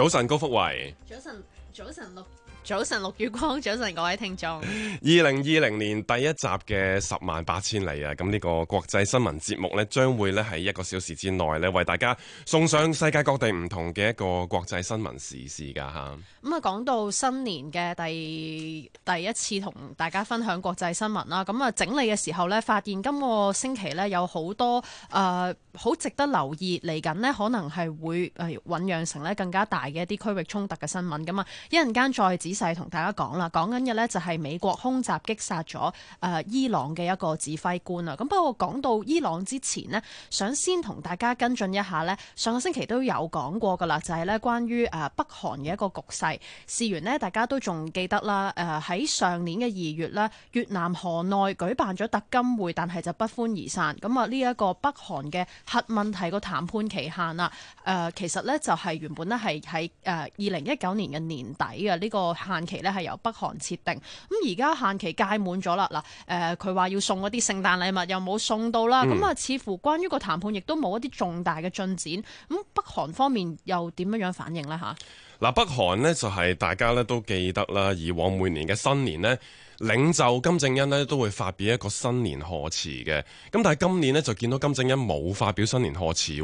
早晨，高福慧。早晨，早晨六。早晨六月光，早晨各位聽眾。二零二零年第一集嘅十萬八千里啊！咁呢個國際新聞節目咧，將會咧喺一個小時之內咧，為大家送上世界各地唔同嘅一個國際新聞時事噶吓。咁啊，講到新年嘅第第一次同大家分享國際新聞啦。咁啊，整理嘅時候咧，發現今個星期咧有好多誒，好，呃，好值得留意嚟緊咧，可能係會誒醞釀成咧更加大嘅一啲區域衝突嘅新聞。咁啊，一陣間再指。就係同大家講啦，講緊嘅呢，就係美國空襲擊殺咗誒、呃、伊朗嘅一個指揮官啊。咁不過講到伊朗之前呢，想先同大家跟進一下呢。上個星期都有講過噶啦，就係、是、呢關於誒北韓嘅一個局勢。事源呢，大家都仲記得啦，誒喺上年嘅二月呢，越南河內舉辦咗特金會，但係就不歡而散。咁啊，呢一個北韓嘅核問題個談判期限啊，誒、呃、其實呢，就係原本呢係喺誒二零一九年嘅年底嘅呢、這個。限期咧係由北韓設定，咁而家限期屆滿咗啦。嗱、呃，誒佢話要送嗰啲聖誕禮物又冇送到啦，咁啊、嗯、似乎關於個談判亦都冇一啲重大嘅進展。咁北韓方面又點樣樣反應呢？嚇，嗱北韓咧就係大家咧都記得啦，以往每年嘅新年咧。領袖金正恩呢都會發表一個新年賀詞嘅，咁但係今年呢，就見到金正恩冇發表新年賀詞，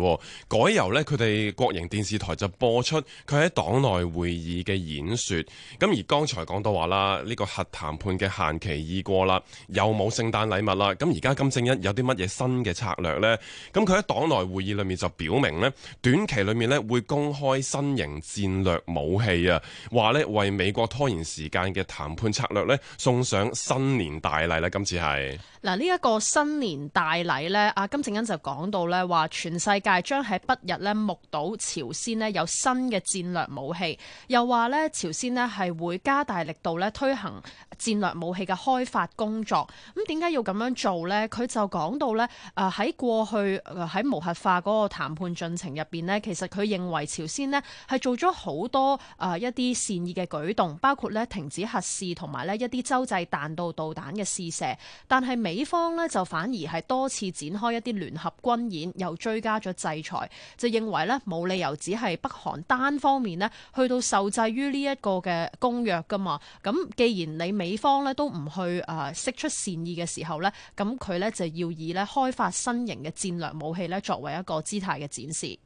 改由呢，佢哋國營電視台就播出佢喺黨內會議嘅演說。咁而剛才講到話啦，呢個核談判嘅限期已過啦，又冇聖誕禮物啦。咁而家金正恩有啲乜嘢新嘅策略呢？咁佢喺黨內會議裏面就表明呢，短期裏面呢會公開新型戰略武器啊，話呢為美國拖延時間嘅談判策略呢，送上新年大禮啦，今次係嗱呢一個新年大禮咧，阿金正恩就講到咧話全世界將喺不日咧目睹朝鮮咧有新嘅戰略武器，又話咧朝鮮咧係會加大力度咧推行戰略武器嘅開發工作。咁點解要咁樣做咧？佢就講到咧，誒喺過去誒喺無核化嗰個談判進程入邊咧，其實佢認為朝鮮咧係做咗好多誒一啲善意嘅舉動，包括咧停止核試同埋咧一啲洲際。係彈道導彈嘅試射，但係美方呢就反而係多次展開一啲聯合軍演，又追加咗制裁，就認為呢冇理由只係北韓單方面呢去到受制於呢一個嘅公約噶嘛。咁既然你美方呢都唔去誒釋出善意嘅時候呢，咁佢呢就要以呢開發新型嘅戰略武器呢作為一個姿態嘅展示。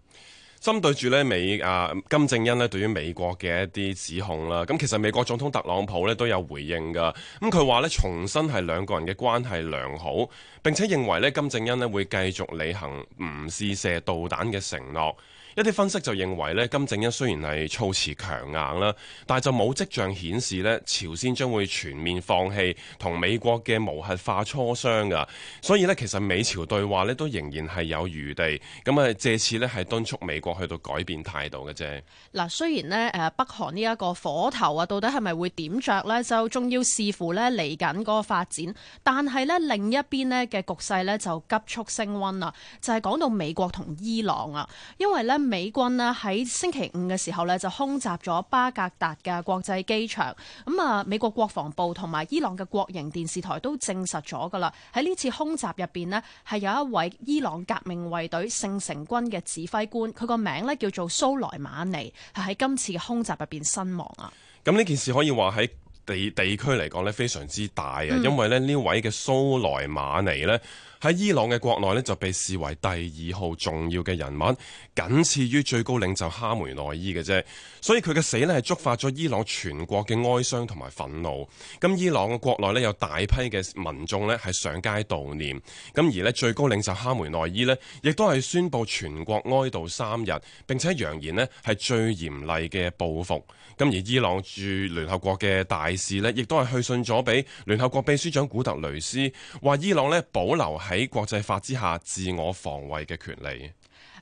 針對住咧美啊金正恩咧對於美國嘅一啲指控啦，咁其實美國總統特朗普咧都有回應噶。咁佢話咧重申係兩個人嘅關係良好，並且認為咧金正恩咧會繼續履行唔試射導彈嘅承諾。一啲分析就認為咧金正恩雖然係措辭強硬啦，但係就冇跡象顯示咧朝鮮將會全面放棄同美國嘅無核化磋商噶。所以咧其實美朝對話咧都仍然係有餘地。咁啊藉此咧係敦促美國。去到改變態度嘅啫。嗱，雖然呢誒北韓呢一個火頭啊，到底係咪會點着呢？就仲要視乎呢嚟緊嗰個發展。但係呢另一邊呢嘅局勢呢，就急速升溫啦。就係講到美國同伊朗啊，因為呢，美軍呢喺星期五嘅時候呢，就空襲咗巴格達嘅國際機場。咁啊，美國國防部同埋伊朗嘅國營電視台都證實咗㗎啦。喺呢次空襲入邊呢，係有一位伊朗革命衛隊聖城軍嘅指揮官，佢個。名咧叫做蘇萊，嗯，蘇萊馬尼，係喺今次嘅空襲入邊身亡啊！咁呢件事可以話喺地地區嚟講咧非常之大啊，因為咧呢位嘅蘇萊馬尼咧。喺伊朗嘅國內呢就被視為第二號重要嘅人物，僅次於最高領袖哈梅內伊嘅啫。所以佢嘅死呢，係觸發咗伊朗全國嘅哀傷同埋憤怒。咁伊朗嘅國內呢，有大批嘅民眾呢，係上街悼念。咁而呢，最高領袖哈梅內伊呢，亦都係宣布全國哀悼三日，並且揚言呢，係最嚴厲嘅報復。咁而伊朗駐聯合國嘅大使呢，亦都係去信咗俾聯合國秘書長古特雷斯，話伊朗呢保留喺國際法之下，自我防衛嘅權利。誒、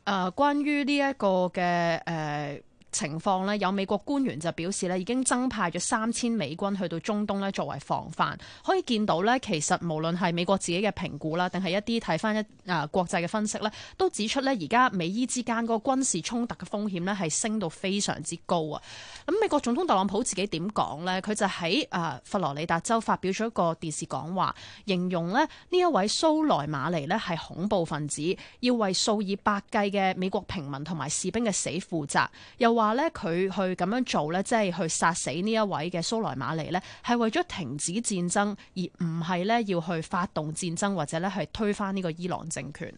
呃，關於呢一個嘅誒。呃情況咧，有美國官員就表示咧，已經增派咗三千美軍去到中東咧，作為防範。可以見到咧，其實無論係美國自己嘅評估啦，定係一啲睇翻一啊國際嘅分析咧，都指出咧，而家美伊之間嗰個軍事衝突嘅風險咧，係升到非常之高啊！咁美國總統特朗普自己點講呢？佢就喺啊、呃、佛羅里達州發表咗一個電視講話，形容咧呢一位蘇萊馬尼咧係恐怖分子，要為數以百計嘅美國平民同埋士兵嘅死負責，又，話咧佢去咁樣做咧，即係去殺死呢一位嘅蘇萊瑪尼咧，係為咗停止戰爭，而唔係咧要去發動戰爭或者咧係推翻呢個伊朗政權。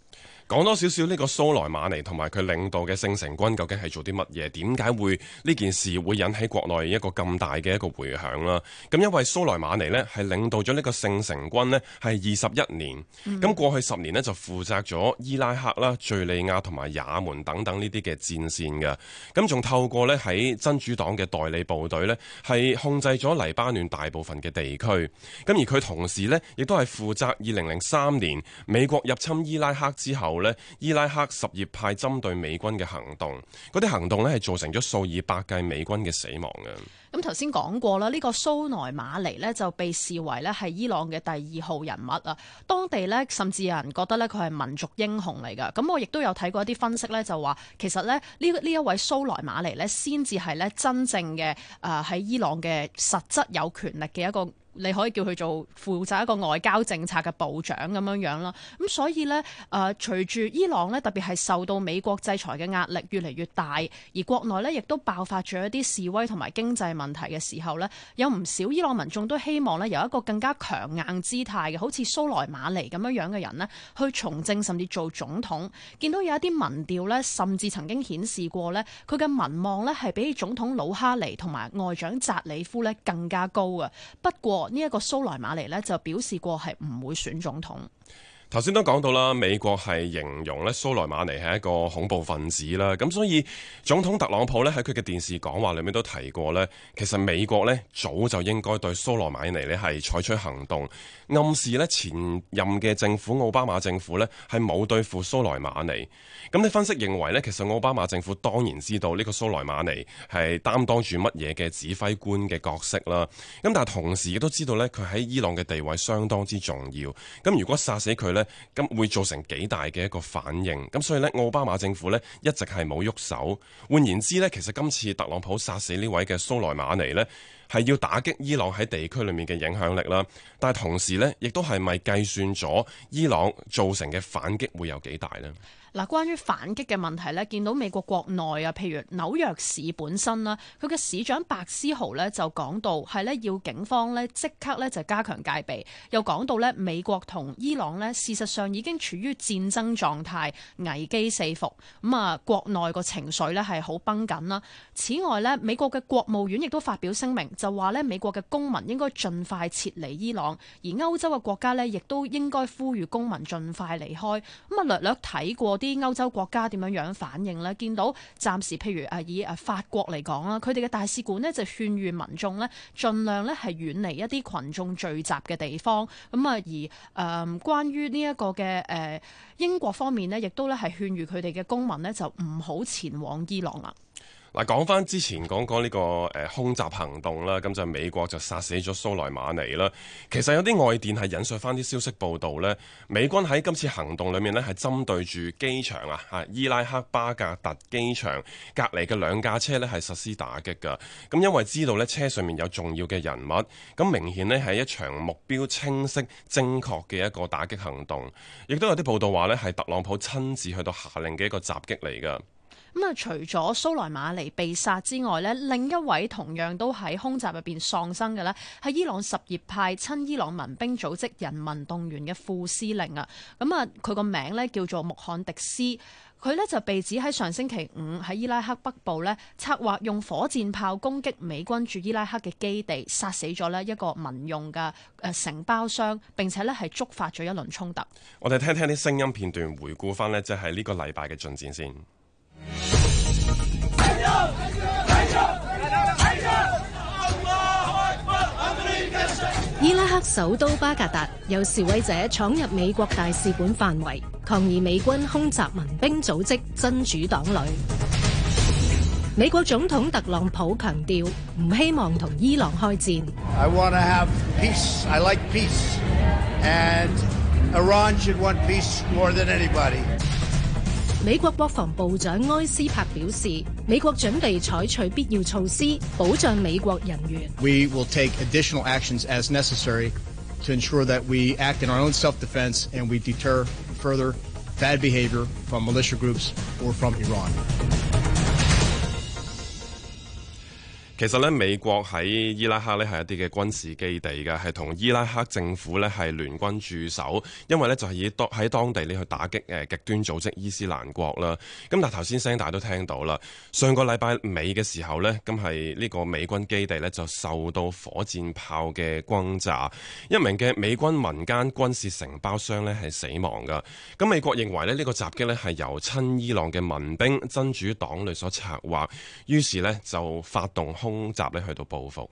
講多少少呢個蘇萊馬尼同埋佢領導嘅聖城軍究竟係做啲乜嘢？點解會呢件事會引起國內一個咁大嘅一個迴響啦？咁因為蘇萊馬尼呢係領導咗呢個聖城軍呢係二十一年，咁過去十年呢，就負責咗伊拉克啦、敘利亞同埋也門等等呢啲嘅戰線嘅。咁仲透過呢喺真主黨嘅代理部隊呢，係控制咗黎巴嫩大部分嘅地區。咁而佢同時呢，亦都係負責二零零三年美國入侵伊拉克之後。咧伊拉克什葉派針對美軍嘅行動，嗰啲行動咧係造成咗數以百計美軍嘅死亡嘅。咁頭先講過啦，呢、這個蘇萊曼尼呢就被視為咧係伊朗嘅第二號人物啊！當地呢，甚至有人覺得咧佢係民族英雄嚟㗎。咁我亦都有睇過一啲分析呢，就話其實咧呢呢一位蘇萊曼尼呢，先至係咧真正嘅誒喺伊朗嘅實質有權力嘅一個，你可以叫佢做負責一個外交政策嘅部長咁樣樣啦。咁所以呢，誒、呃，隨住伊朗呢，特別係受到美國制裁嘅壓力越嚟越大，而國內呢亦都爆發咗一啲示威同埋經濟問題嘅時候咧，有唔少伊朗民眾都希望咧由一個更加強硬姿態嘅，好似蘇萊馬尼咁樣樣嘅人咧，去從政甚至做總統。見到有一啲民調咧，甚至曾經顯示過咧，佢嘅民望咧係比總統魯哈尼同埋外長扎里夫咧更加高嘅。不過呢一個蘇萊馬尼咧就表示過係唔會選總統。頭先都講到啦，美國係形容咧蘇萊馬尼係一個恐怖分子啦，咁所以總統特朗普咧喺佢嘅電視講話裡面都提過咧，其實美國呢早就應該對蘇萊馬尼呢係採取行動，暗示呢前任嘅政府奧巴馬政府呢係冇對付蘇萊馬尼。咁你分析認為呢，其實奧巴馬政府當然知道呢個蘇萊馬尼係擔當住乜嘢嘅指揮官嘅角色啦，咁但係同時亦都知道呢，佢喺伊朗嘅地位相當之重要。咁如果殺死佢咧？咁會造成幾大嘅一個反應，咁所以呢，奧巴馬政府呢一直係冇喐手。換言之呢，其實今次特朗普殺死呢位嘅蘇萊馬尼呢，係要打擊伊朗喺地區裏面嘅影響力啦。但係同時呢，亦都係咪計算咗伊朗造成嘅反擊會有幾大呢？嗱，關於反擊嘅問題咧，見到美國國內啊，譬如紐約市本身啦，佢嘅市長白思豪咧就講到係咧要警方咧即刻咧就加強戒備，又講到咧美國同伊朗咧事實上已經處於戰爭狀態，危機四伏。咁啊，國內個情緒咧係好繃緊啦。此外咧，美國嘅國務院亦都發表聲明，就話咧美國嘅公民應該盡快撤離伊朗，而歐洲嘅國家咧亦都應該呼籲公民盡快離開。咁啊，略略睇過。啲歐洲國家點樣樣反應呢？見到暫時譬如誒以誒法國嚟講啦，佢哋嘅大使館呢，就勸喻民眾呢，盡量呢係遠離一啲群眾聚集嘅地方。咁啊，而、呃、誒關於呢一個嘅誒、呃、英國方面呢，亦都咧係勸喻佢哋嘅公民呢，就唔好前往伊朗啦。嗱，講翻之前講過呢、這個誒、呃、空襲行動啦，咁就美國就殺死咗蘇萊馬尼啦。其實有啲外電係引述翻啲消息報道，呢美軍喺今次行動裡面咧係針對住機場啊，哈伊拉克巴格達機場隔離嘅兩架車呢係實施打擊嘅。咁因為知道呢車上面有重要嘅人物，咁明顯呢係一場目標清晰、精確嘅一個打擊行動。亦都有啲報道話呢係特朗普親自去到下令嘅一個襲擊嚟嘅。咁啊，除咗蘇萊馬尼被殺之外咧，另一位同樣都喺空襲入邊喪生嘅咧，係伊朗什葉派親伊朗民兵組織人民動員嘅副司令啊。咁啊，佢個名咧叫做穆罕迪斯，佢咧就被指喺上星期五喺伊拉克北部咧策劃用火箭炮攻擊美軍駐伊拉克嘅基地，殺死咗咧一個民用嘅誒承包商，並且咧係觸發咗一輪衝突。我哋聽聽啲聲音片段，回顧翻呢，即係呢個禮拜嘅進展先。伊拉克首都巴格達有示威者闖入美國大使館範圍，抗議美軍空襲民兵組織真主黨旅。美國總統特朗普強調，唔希望同伊朗開戰。I want to have peace. I like peace. And Iran should want peace more than anybody. 美國國防部長埃斯珀表示，美國準備採取必要措施，保障美國人員。We will take additional actions as necessary to ensure that we act in our own self-defense and we deter further bad behavior from militia groups or from Iran. 其實咧，美國喺伊拉克咧係一啲嘅軍事基地嘅，係同伊拉克政府咧係聯軍駐守，因為咧就係以當喺當地咧去打擊誒極端組織伊斯蘭國啦。咁但係頭先聲帶都聽到啦，上個禮拜尾嘅時候呢，咁係呢個美軍基地呢就受到火箭炮嘅轟炸，一名嘅美軍民間軍事承包商呢係死亡噶。咁美國認為咧呢個襲擊呢係由親伊朗嘅民兵真主黨類所策劃，於是呢就發動空。空襲咧去到報復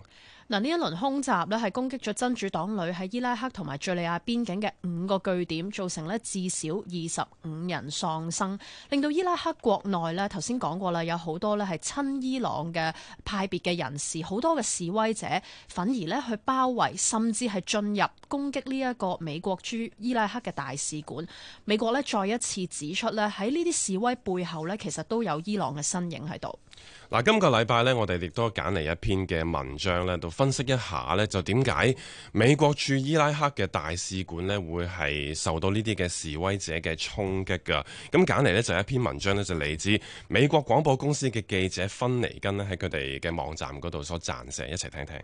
嗱，呢一輪空襲呢係攻擊咗真主黨旅喺伊拉克同埋敘利亞邊境嘅五個據點，造成咧至少二十五人喪生，令到伊拉克國內呢，頭先講過啦，有好多呢係親伊朗嘅派別嘅人士，好多嘅示威者反而呢去包圍，甚至係進入攻擊呢一個美國駐伊拉克嘅大使館。美國呢再一次指出呢，喺呢啲示威背後呢，其實都有伊朗嘅身影喺度。嗱，今個禮拜咧，我哋亦都揀嚟一篇嘅文章咧，度分析一下咧，就點解美國駐伊拉克嘅大使館咧，會係受到呢啲嘅示威者嘅衝擊㗎。咁揀嚟咧就一篇文章咧，就嚟自美國廣播公司嘅記者芬尼根咧，喺佢哋嘅網站嗰度所撰寫，一齊聽聽。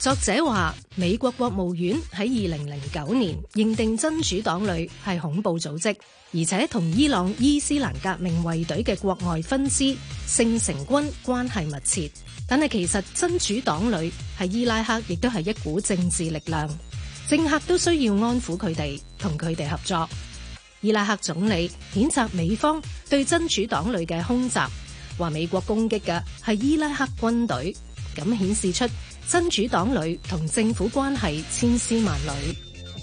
作者話：美國國務院喺二零零九年認定真主黨裡係恐怖組織，而且同伊朗伊斯蘭革命衛隊嘅國外分支聖城軍關係密切。但係其實真主黨里係伊拉克亦都係一股政治力量，政客都需要安撫佢哋，同佢哋合作。伊拉克總理譴責美方對真主黨裡嘅空襲，話美國攻擊嘅係伊拉克軍隊，咁顯示出。真主黨旅同政府關係千絲萬縷。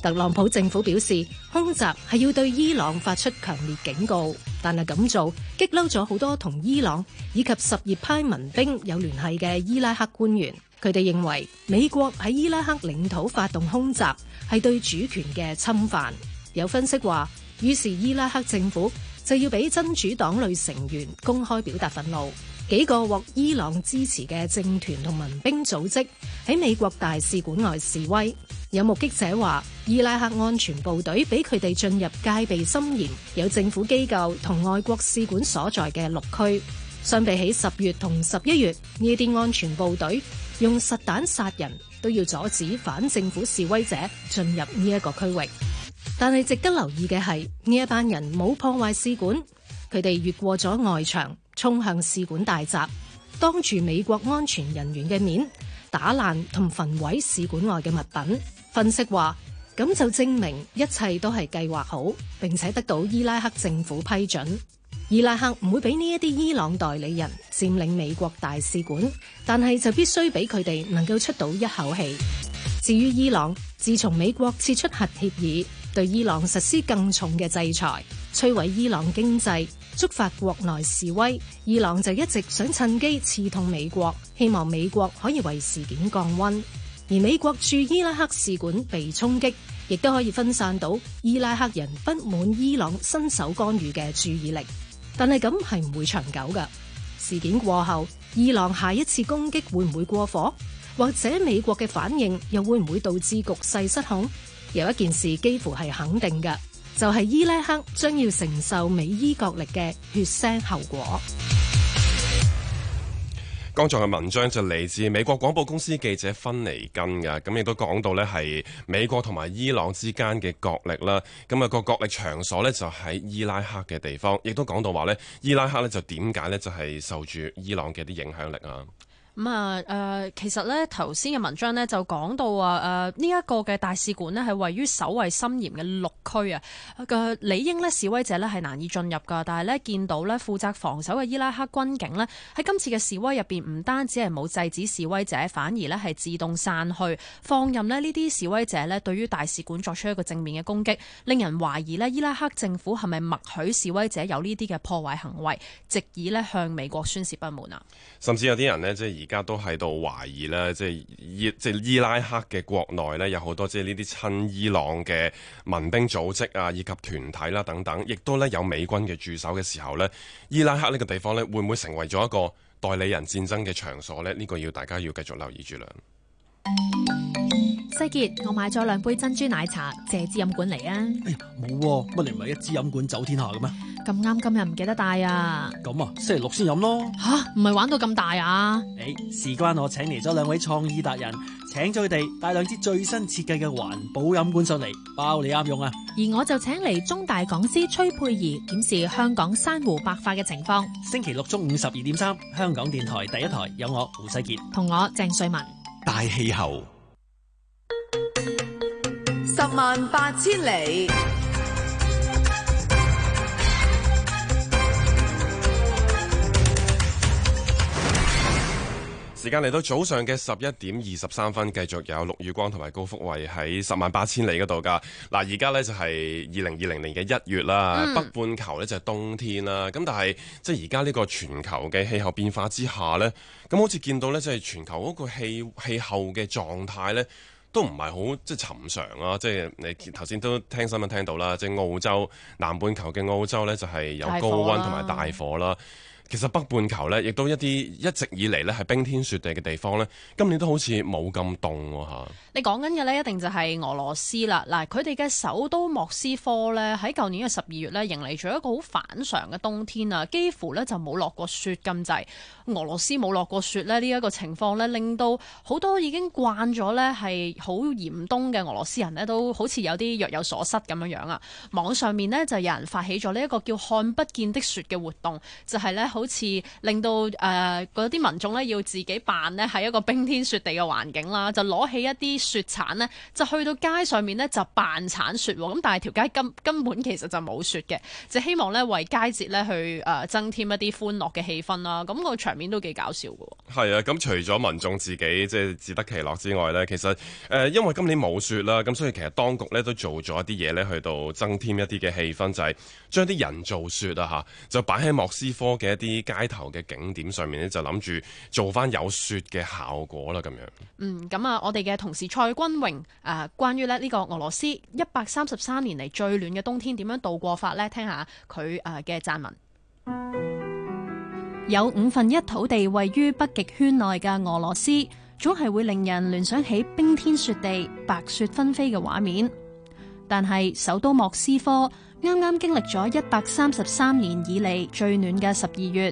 特朗普政府表示，空襲係要對伊朗發出強烈警告，但係咁做激嬲咗好多同伊朗以及什葉派民兵有聯繫嘅伊拉克官員。佢哋認為美國喺伊拉克領土發動空襲係對主權嘅侵犯。有分析話，於是伊拉克政府，就要俾真主黨類成員公開表達憤怒，幾個獲伊朗支持嘅政團同民兵組織喺美國大使館外示威。有目擊者話，伊拉克安全部隊俾佢哋進入戒備森嚴、有政府機構同外國使館所在嘅綠區。相比起十月同十一月，呢啲安全部隊用實彈殺人都要阻止反政府示威者進入呢一個區域。但係，值得留意嘅係呢一班人冇破壞使館，佢哋越過咗外牆，衝向使館大閘，當住美國安全人員嘅面打爛同焚毀使館外嘅物品。分析話咁就證明一切都係計劃好，並且得到伊拉克政府批准。伊拉克唔會俾呢一啲伊朗代理人佔領美國大使館，但係就必須俾佢哋能夠出到一口氣。至於伊朗，自從美國撤出核協議。對伊朗實施更重嘅制裁，摧毀伊朗經濟，觸發國內示威。伊朗就一直想趁機刺痛美國，希望美國可以為事件降溫。而美國駐伊拉克使館被衝擊，亦都可以分散到伊拉克人不滿伊朗伸手干預嘅注意力。但係咁係唔會長久㗎。事件過後，伊朗下一次攻擊會唔會過火？或者美國嘅反應又會唔會導致局勢失控？有一件事幾乎係肯定嘅，就係伊拉克將要承受美伊角力嘅血腥後果。剛才嘅文章就嚟自美國廣播公司記者芬尼根嘅，咁亦都講到呢係美國同埋伊朗之間嘅角力啦。咁啊個角力場所呢就喺伊拉克嘅地方，亦都講到話呢伊拉克呢就點解呢？就係受住伊朗嘅啲影響力啊。咁啊，誒、嗯，其實咧頭先嘅文章咧就講到啊，誒呢一個嘅大使館咧係位於守衛森嚴嘅綠區啊，嘅、呃、理應咧示威者咧係難以進入噶。但係咧見到咧負責防守嘅伊拉克軍警咧喺今次嘅示威入邊，唔單止係冇制止示威者，反而咧係自動散去，放任咧呢啲示威者咧對於大使館作出一個正面嘅攻擊，令人懷疑咧伊拉克政府係咪默許示威者有呢啲嘅破壞行為，藉以咧向美國宣泄不滿啊？甚至有啲人咧即係而家都喺度懷疑咧，即係伊即係伊拉克嘅國內呢，有好多即係呢啲親伊朗嘅民兵組織啊，以及團體啦等等，亦都呢有美軍嘅駐守嘅時候呢。伊拉克呢個地方呢，會唔會成為咗一個代理人戰爭嘅場所呢？呢個要大家要繼續留意住啦。 世杰，我買咗兩杯珍珠奶茶，借支飲管嚟啊！哎呀，冇乜你唔係一支飲管走天下嘅咩？咁啱今日唔記得帶啊！咁、嗯、啊，星期六先飲咯。吓，唔係玩到咁大啊？誒、哎，事關我請嚟咗兩位創意達人，請咗佢哋帶兩支最新設計嘅環保飲管上嚟，包你啱用啊！而我就請嚟中大講師崔佩儀，檢視香港珊瑚白化嘅情況。星期六中午十二點三，香港電台第一台有我胡世杰同我鄭瑞文，大氣候。十萬八千里。時間嚟到早上嘅十一點二十三分，繼續有陸宇光同埋高福慧喺十萬八千里嗰度噶。嗱，而家呢就係二零二零年嘅一月啦，北半球呢就係冬天啦。咁但係即係而家呢個全球嘅氣候變化之下呢，咁好似見到呢，即係全球嗰個氣氣候嘅狀態呢，都唔係好即係尋常啊！即係你頭先都聽新聞聽到啦，即係澳洲南半球嘅澳洲呢，就係有高溫同埋大火啦。其實北半球呢，亦都一啲一直以嚟呢係冰天雪地嘅地方呢，今年都好似冇咁凍吓。你講緊嘅呢，一定就係俄羅斯啦。嗱，佢哋嘅首都莫斯科呢，喺舊年嘅十二月呢，迎嚟咗一個好反常嘅冬天啊，幾乎呢就冇落過雪咁滯。俄羅斯冇落過雪呢，呢一個情況呢，令到好多已經慣咗呢係好嚴冬嘅俄羅斯人呢，都好似有啲若有所失咁樣樣啊。網上面呢，就有人發起咗呢一個叫《看不見的雪》嘅活動，就係呢。好似令到誒嗰啲民眾咧要自己扮咧，喺一個冰天雪地嘅環境啦，就攞起一啲雪鏟咧，就去到街上面咧就扮鏟雪喎。咁但係條街根根本其實就冇雪嘅，就希望咧為佳節咧去誒增添一啲歡樂嘅氣氛啦。咁個場面都幾搞笑嘅。係啊，咁除咗民眾自己即係自得其樂之外咧，其實誒、呃、因為今年冇雪啦，咁所以其實當局咧都做咗一啲嘢咧，去到增添一啲嘅氣氛，就係將啲人造雪啊吓就擺喺莫斯科嘅一啲。啲街頭嘅景點上面咧，就諗住做翻有雪嘅效果啦，咁樣。嗯，咁啊，我哋嘅同事蔡君穎誒、呃，關於咧呢個俄羅斯一百三十三年嚟最暖嘅冬天點樣度過法呢，聽下佢誒嘅撰文。有五分一土地位於北極圈內嘅俄羅斯，總係會令人聯想起冰天雪地、白雪紛飛嘅畫面。但係首都莫斯科。啱啱經歷咗一百三十三年以嚟最暖嘅十二月，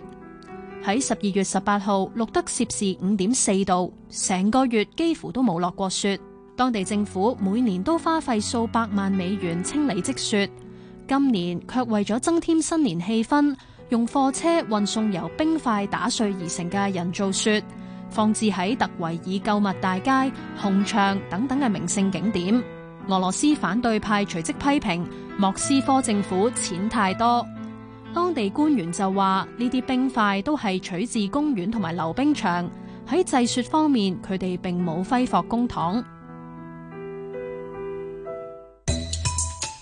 喺十二月十八號錄得攝氏五點四度，成個月幾乎都冇落過雪。當地政府每年都花費數百萬美元清理積雪，今年卻為咗增添新年氣氛，用貨車運送由冰塊打碎而成嘅人造雪，放置喺特維爾購物大街、紅牆等等嘅名勝景點。俄羅斯反對派隨即批評莫斯科政府錢太多。當地官員就話呢啲冰塊都係取自公園同埋溜冰場。喺製雪方面，佢哋並冇揮霍公帑。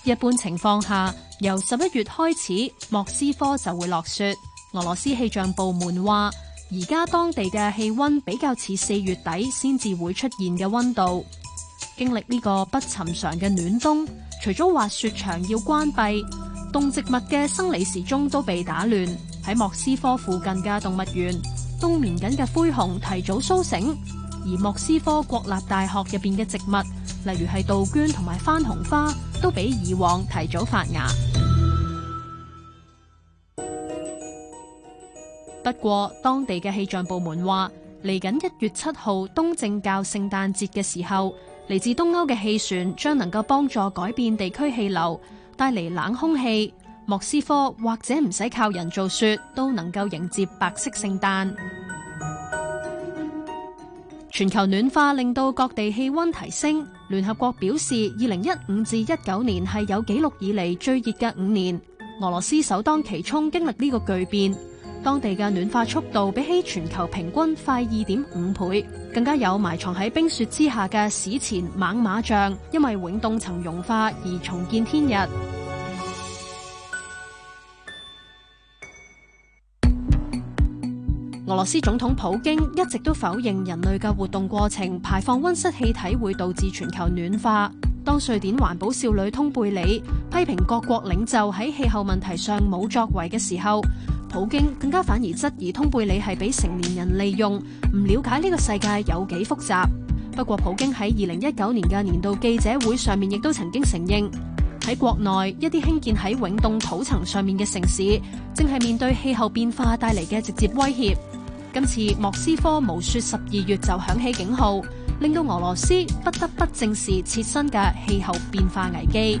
一般情況下，由十一月開始，莫斯科就會落雪。俄羅斯氣象部門話，而家當地嘅氣溫比較似四月底先至會出現嘅溫度。經歷呢個不尋常嘅暖冬，除咗滑雪場要關閉，動植物嘅生理時鐘都被打亂。喺莫斯科附近嘅動物園，冬眠緊嘅灰熊提早蘇醒，而莫斯科國立大學入邊嘅植物，例如係杜鵑同埋番紅花，都比以往提早發芽。 不過，當地嘅氣象部門話，嚟緊一月七號東正教聖誕節嘅時候，嚟自東歐嘅氣旋將能夠幫助改變地區氣流，帶嚟冷空氣。莫斯科或者唔使靠人造雪，都能夠迎接白色聖誕。全球暖化令到各地氣温提升，聯合國表示，二零一五至一九年係有紀錄以嚟最熱嘅五年。俄羅斯首當其衝，經歷呢個巨變。當地嘅暖化速度比起全球平均快二點五倍，更加有埋藏喺冰雪之下嘅史前猛獁象，因為永凍層融化而重見天日。俄羅斯總統普京一直都否認人類嘅活動過程排放温室氣體會導致全球暖化。當瑞典環保少女通貝里批評各國領袖喺氣候問題上冇作為嘅時候，普京更加反而質疑通貝里係俾成年人利用，唔了解呢個世界有幾複雜。不過普京喺二零一九年嘅年度記者會上面亦都曾經承認，喺國內一啲興建喺永凍土層上面嘅城市，正係面對氣候變化帶嚟嘅直接威脅。今次莫斯科無雪十二月就響起警號，令到俄羅斯不得不正視切身嘅氣候變化危機。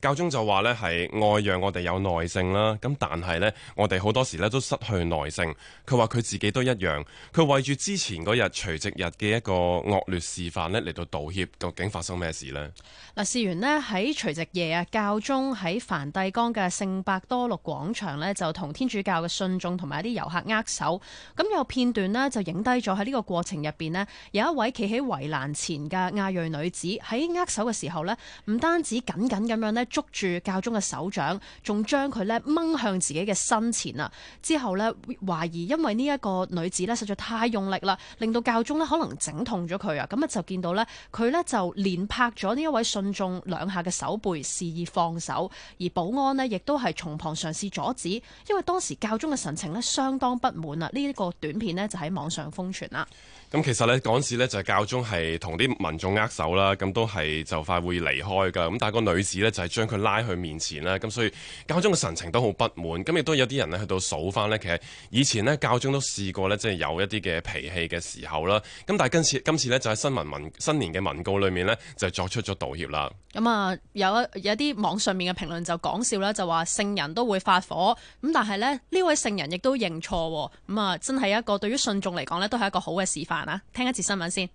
教宗就話呢係愛讓我哋有耐性啦，咁但係呢，我哋好多時呢都失去耐性。佢話佢自己都一樣，佢為住之前嗰日除夕日嘅一個惡劣示範呢嚟到道歉。究竟發生咩事呢？嗱，事緣呢，喺除夕夜啊，教宗喺梵蒂岡嘅聖伯多祿廣場呢，就同天主教嘅信眾同埋一啲遊客握手。咁有片段呢，就影低咗喺呢個過程入邊呢，有一位企喺圍欄前嘅亞裔女子，喺握手嘅時候呢，唔單止緊緊咁樣呢，捉住教宗嘅手掌，仲將佢咧掹向自己嘅身前啊！之後咧懷疑，因為呢一個女子咧實在太用力啦，令到教宗咧可能整痛咗佢啊！咁啊就見到咧，佢咧就連拍咗呢一位信眾兩下嘅手背，示意放手。而保安咧亦都係從旁嘗試阻止，因為當時教宗嘅神情咧相當不滿啊！呢一個短片咧就喺網上瘋傳啦。咁其實咧嗰陣時咧就係教宗係同啲民眾握手啦，咁都係就快會離開噶。咁但係個女子咧就係將將佢拉去面前啦，咁所以教宗嘅神情都好不滿，咁亦都有啲人咧去到數返呢，其實以前呢，教宗都試過呢，即係有一啲嘅脾氣嘅時候啦，咁但係今次今次咧就喺新，新年文新年嘅文告裏面呢，就作出咗道歉啦。咁啊、嗯，有一有啲網上面嘅評論就講笑啦，就話聖人都會發火，咁但係呢，呢位聖人亦都認錯，咁、嗯、啊真係一個對於信眾嚟講呢，都係一個好嘅示範啊！聽一次新聞先。